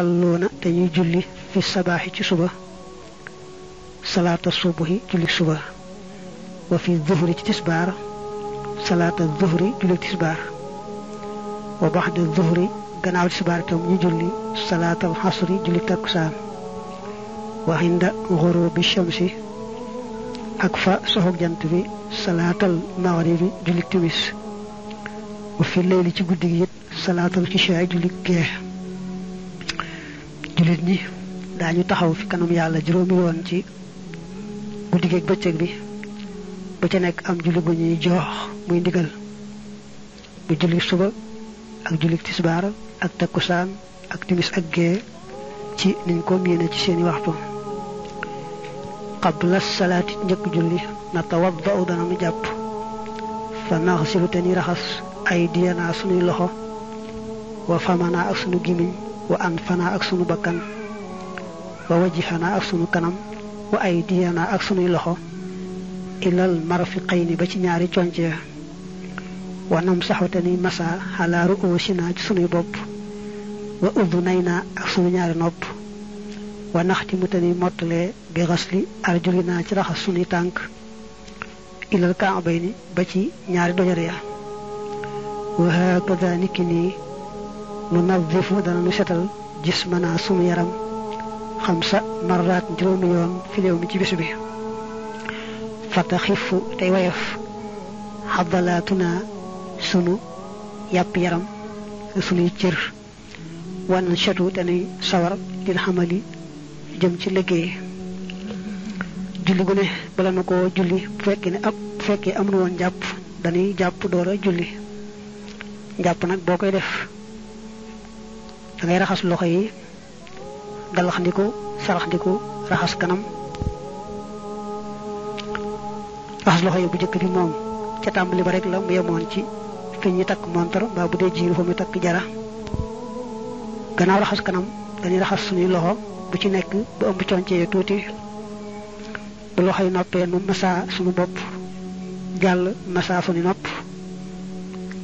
يصلون تاني جولي في الصباح تي صبح صلاة الصبح جولي صبح وفي الظهر تي تسبار صلاة الظهر جولي تسبار وبعد الظهر غناو تسبار تام ني صلاة العصر جولي تكسان وعند غروب الشمس اكفا سوخ جانت صلاة المغرب جولي تويس وفي الليل تي غودي صلاة العشاء جولي كيه jullit ñi daañu taxaw fi kanam yàlla juróomi woon ci guddi gi bëccëg bi bu ca nekk am julli bu ñuy joox muy ndigal bu julli suba ak julli tisbaar ak takkusaan ak timis ak gée ci niñ ko miine ci seeni waxtu qabla salaati njëkk julli na tawaddau dana nu jàpp fa naxsilu te ñuy raxas ay diyanaa sunuy loxo wa famanaa ak sunu gimiñ وأنفنا أكسن بكن ووجهنا أكسن كنم وأيدينا أكسن لخو إلى المرفقين بچناري چونجيا ونمسح تني مسا على رؤوسنا جسن بوب وأذنينا أكسن نار نوب ونختم تني مطلي بغسل أرجلنا جرح سني تانك إلى الكعبين بچي نار دجريا وهكذا نكني nu nazifu dana nu setal jismana sunu yaram xam sa marraat juróomi yoon fi mi ci bis bi fata xifu tey woyof xadalaatuna sunu yàpp yaram sunuy cër wan setu dañuy sawar lil xamali jëm ci liggéey julli gu bala na ko julli bu fekkee ne ab bu fekkee amul woon jàpp dañuy jàpp door julli jàpp nag boo koy def dangay raxas loxo yi galaxndiku saraxndiku raxas kanam raxas loxo yi bu njëkk bi moom ca tàmbali ba rek la mu yemoon ci fi ñi takk montar mbaa bu jiiru fa mu takk jara gannaaw raxas kanam dañuy raxas suñuy loxo bu ci nekk bu ëmb concee tuuti bu loxo yi noppee nu masaa suñu bopp jàll masaa suñu nopp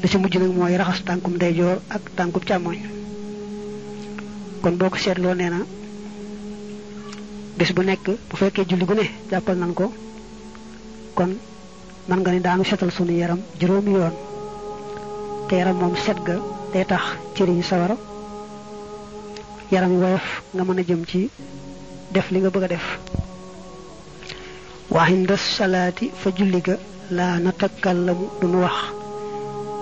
li ci mujj nag mooy raxas tànkum ndeyjoor ak tànkum càmmoñ kon boo ko seetloo nee na bés bu nekk bu fekkee julli gu ne jàppal nan ko kon mën nga ni daanu setal sunu yaram juróomi yoon te yaram moom set ga day tax cër yi sawara yaram woyof nga mën a jëm ci def li nga bëgg a def waxinda salaati fa julli ga laa natakallamu duñu wax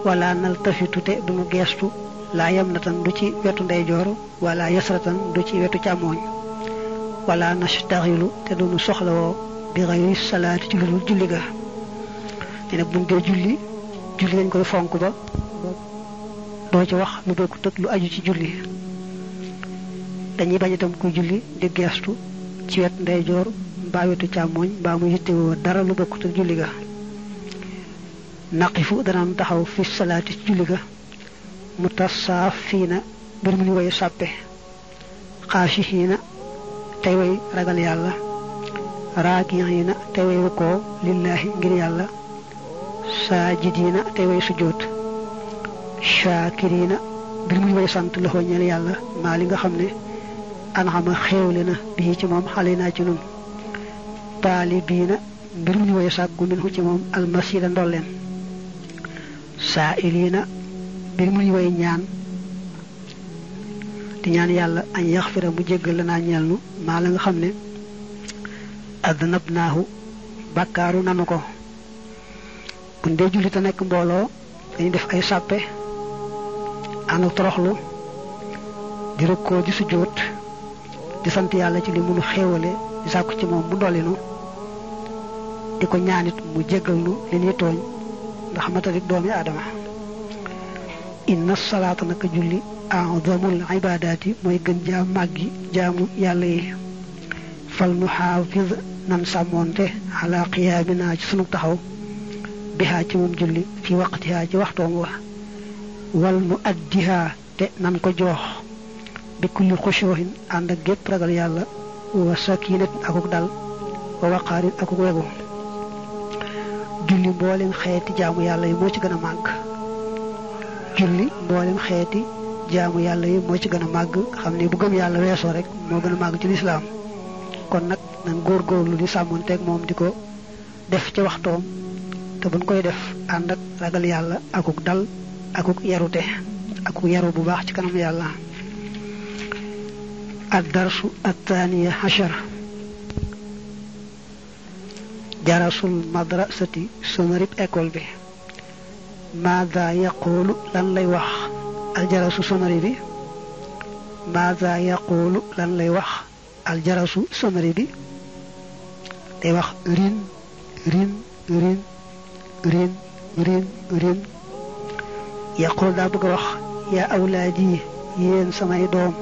wala naltafitu te duñu geestu laa yamnatan du ci wetu ndeyjoor wala yasratan du ci wetu càmmooñ wala nastaxilu te duñu soxlawoo bi xayri salaati ci lu julli ga ne buñ julli julli dañ koy fonk ba doo ci wax lu bokkut ak lu aju ci julli dañuy bañ itam kuy julli di geestu ci wet ndeyjoor mbaa wetu càmmooñ mbaa mu yittewoo dara lu bokkut ak julli ga naqifu danañ taxaw fi salaati ci julli ga mutasaafiina mbir mu ñu way sàppe xaashihiina tey way ragal yàlla raakihiina tey way rukkoo lillaahi ngir yàlla saajidiina tey way sujjóot shaakiriina mbir mu ñu way sant loxo ñeel yàlla maa li nga xam ne anxama xéewle na bii ci moom xale naa ci nun taalibiina mbir mu ñu way sàkku min ci moom almasiida ndolleen saa iliina mbir mu ñu way ñaan di ñaan yàlla añ yaxfira mu jéggal la naa ñeel nu maa la nga xam ne adnab naahu bàkkaaru nanu ko buñ dee julli te nekk mbooloo dañu def ay sàppe ànd toroxlu di rëkkoo di sujjóot di sant yàlla ci li mënu xéewale di sàkku ci moom mu dollinu di ko ñaanit mu jéggal nu li ñuy tooñ ndax matalik doomi aadama inna salaata naka julli a'zamul ibadaati mooy gën jaa màggi jaamu yàlla yi fal nu xaafis nan sàmmoonte ala qiyaaminaa ci sunu taxaw bihaa ci moom julli fi waqtihaa ci waxtoom wa wal nu addihaa te nan ko jox bi kulli xushoohin ànd ak gépp ragal yàlla wa sakiinat akuk dal wa waqaarin akuk wegu julli mboolem xeeti jaamu yàlla yi moo ci gën a màgg julli mboolem xeti jaamu yalla yi mo ci gëna mag xamni bu gëm yalla weesoo rek mo gëna mag ci l'islam kon nag nan lu di samonté ak mom diko def ci waxtoom te buñ koy def ànd ak ragal yalla akuk dal akuk yaruté akuk yaru bu baax ci kanam ad-darsu at-thaniya hashar jarasul madrasati سمرب أكل bi maada yaquulu lan lay wax aljarasu samari bi maada yaquulu lan lay wax aljarasu samari bi day wax rin rin rin rin rin rin yaquul daa bëgg a wax yaa awlaad yi yéen samay doom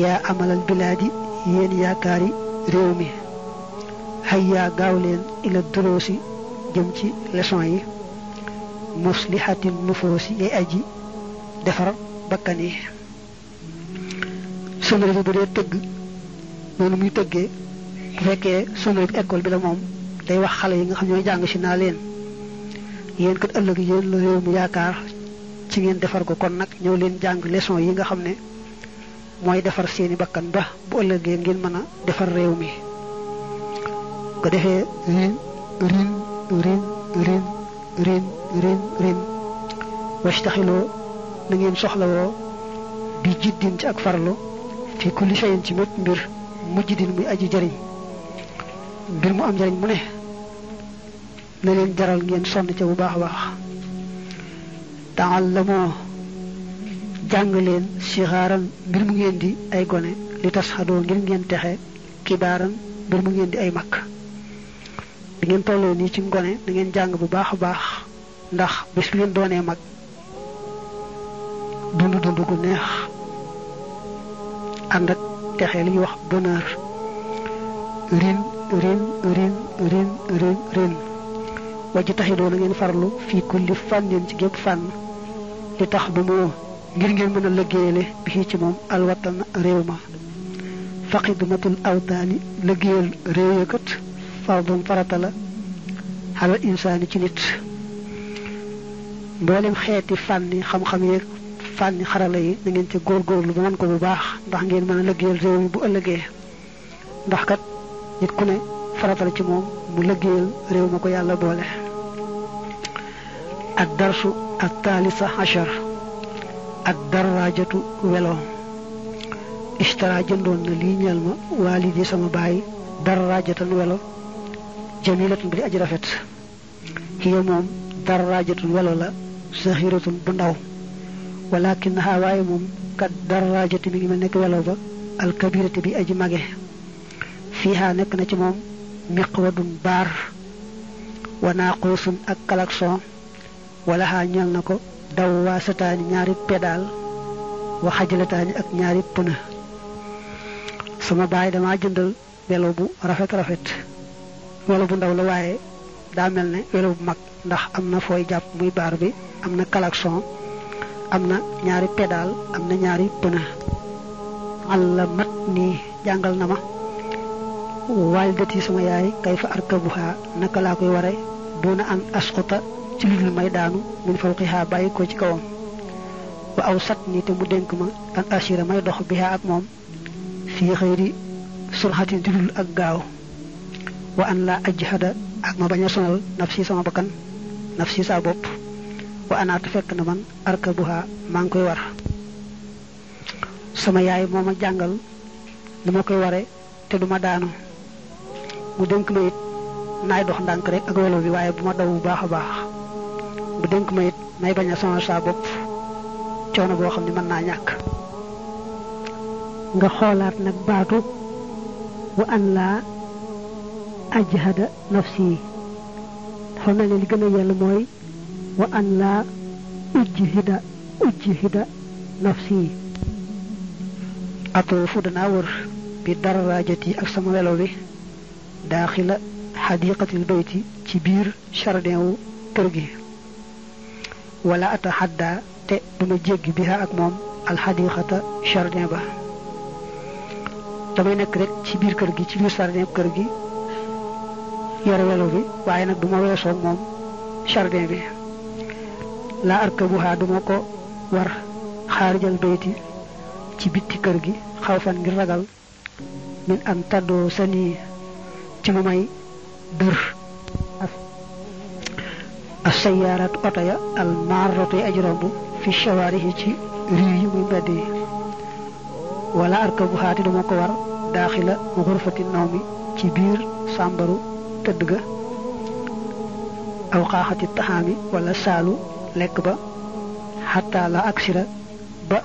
yaa amalal bilaadi yéen yaakaari réew mi hayya gaaw leen ila duroosi jëm ci leçon yi muslihatin nufusi ay aji defar bakani sunu sunna bu dee nonu muy tëggee bu sunu sunna école bi la mom day wax xalé yi nga xam ñoy jang ci na leen yeen kat ëllëg yeen la rew mu yaakar ci ngeen defar ko kon nak ñew leen jang leçon yi nga xamne moy defar seeni bakkan ba bu ëllëgee ngeen mëna defar rew mi ko defé rin rin rin rin réem réem réem wastaxiloo na ngeen soxlawoo bi jiddin ci ak farlu fi kulli shayin ci mépp mbir mujj din muy aji mu am jëriñ mu ne na leen jaral ngeen sonn ca bu baax a baax taallamoo jàng leen sixaaran mbir mu ngeen di ay gone li tas xadoo ngir ngeen texe kibaaran mbir mu ngeen di ay mag bi ngeen tolo ni ci ngone da ngeen jang bu baax baax ndax bis bi ngeen doone mag dundu dundu gu neex ànd ak texe li urin wax bonheur rin rin rin rin rin rin wajj taxidoo na ngeen farlu fi kulli fan yéen ci gep fan li tax bu mo ngir ngeen mëna bi ci moom alwatan réew ma faqidmatul awtani lëggéeyal réew ya fardun farata la alal insaani ci nit mboolem xeeti fànni xam-xam yeeg fànni xarala yi na ngeen ci góorgóorlu ba mën ko bu baax ndax ngeen mën a lëggéeyal réew mi bu ëllëgee ndax kat nit ku ne farata la ci moom mu lëggéeyal réew ma ko yàlla boole ak darsu ak taalisa achar ak darraajatu welo ishtara jëndoon na lii ñeel ma waalidi sama baay darraajatan welo jamilatun bi aji rafet hiya mom darajatun wala la sahiratun bu ndaw walakin ha way mom kad darajati mi ngi mel nek wala ba al kabirati bi aji mage fiha nek na ci mom miqwadun bar wa naqusun ak kalakson wala ha ñal nako daw satan ñaari pedal wa xajalataani ak ñaari puna sama baye dama jëndal welo bu rafet rafet wala bu ndaw la waaye daa mel ne welo bu mag ndax am na fooy jàpp muy baar bi am na klaxon am na ñaari pédale am na ñaari pneu alla mat nii jàngal na ma waalidati sama yaay kay fa arkabuha naka laa koy ware duna an asquta ci lu dul may daanu min fawqiha bàyyi ko ci kawam wa aw sat nii te mu dénk ma an asira may dox biha ak moom fii xëyri surxatin ci dul ak gaaw wa an la ajhada ak ma baña sonal nafsi sama bakan nafsi sa bop wa ana ta fek na man arkabuha mang koy war sama yaay moma jangal dama koy waré té duma daanu mu denk ma it nay dox ndank rek ak wolo bi waye buma daw bu baakha baax bu denk ma it may baña sonal sa bop ciono bo xamni man na ñak nga xolaat nak baatu wa an la ajhada nafsi dafa mel ne li gën a yell mooy wa an laa ujhida ujhida nafsi atoofu danaa wër bi darajaati ak sama welo wi daaxila xadiqatil bayti ci biir jardin kër gi wala ataxadda te duma jéggi biha ak moom alxadiqata jardin ba damay nekk rek ci biir kër gi ci biir jardin kër gi yor welo bi waaye nag du ma weesoog moom jardin bi la arkabuha duma ko war xaarijal bayti ci bitti kër gi xaw fan ngir ragal min an taddoo sani ci ma may dër asayaarat oto ya al marratu aji romb fi shawaarihi ci riiw yi muy mbedd yi wala arkabuha te duma ko war daaxila xurfati naw mi ci biir sàmbaru tëdd ga aw xaaxati taxaami wala saalu lekk ba la aksira ba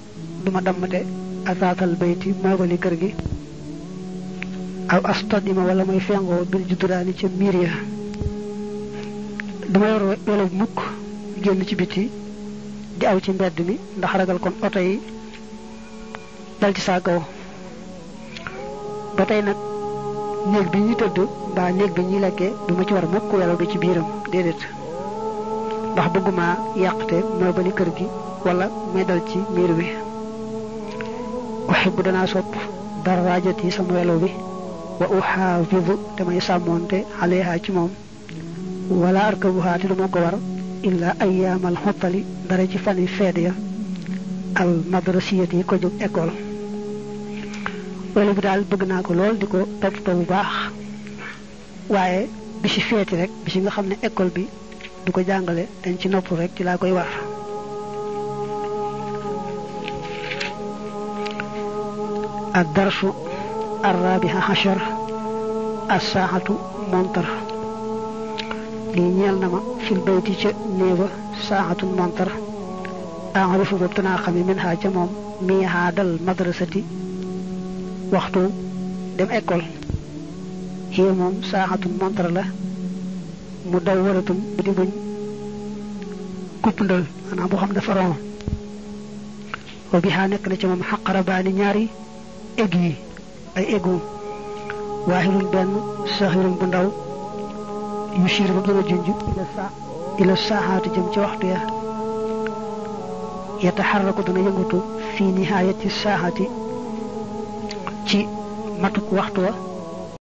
duma dammate asaatal bayti maagoli kër gi aw astadima wala may fengoo bil juduraani ca miir ya dama yor wala mukk génn ci biti di aw ci mbedd mi ndax ragal kon oto yi dal ci saa ba tey néeg bi ñu tëdd mbaa néeg bi ñuy lekkee du ci war mukk welo gi ci biiram déedéet ndax bëgguma yàqte mooy bali kër gi walla may dal ci miir bi uhibbu danaa sopp daraajat yi sama bi wa uxaafidu damay sàmmoonte alayha ci moom wala arkabuha te duma ko war illa ayyaamal xottali dara ci fani feed ya al ko jóg école loolu bi daal bëgg naa ko lool di ko perte bu baax waaye bi ci feeti rek bi ci nga xam ne école bi du ko jàngale dañ ci noppu rek ci laa koy war ak darsu arrabiha hachar assaahatu montar lii ñeel na ma fil bayti ca néeba saaxatu montar enrifu boobu tanaa xam yi min ca moom mii ha dal madrasati waxtu dem école xëy moom saaxatum la mu daw waratum di buñ kupp ndal boo xam dafa ron wa bi xaa nekk na ci moom xaqarabaani ñaari egg yi ay eggu waaxilun benn saxirun bu ndaw yu siir ba dana junj ila saa ila saaxaatu waxtu ya yataxarraku dana yëngutu fii nihaayati saaxaati ci matuk waxtu wa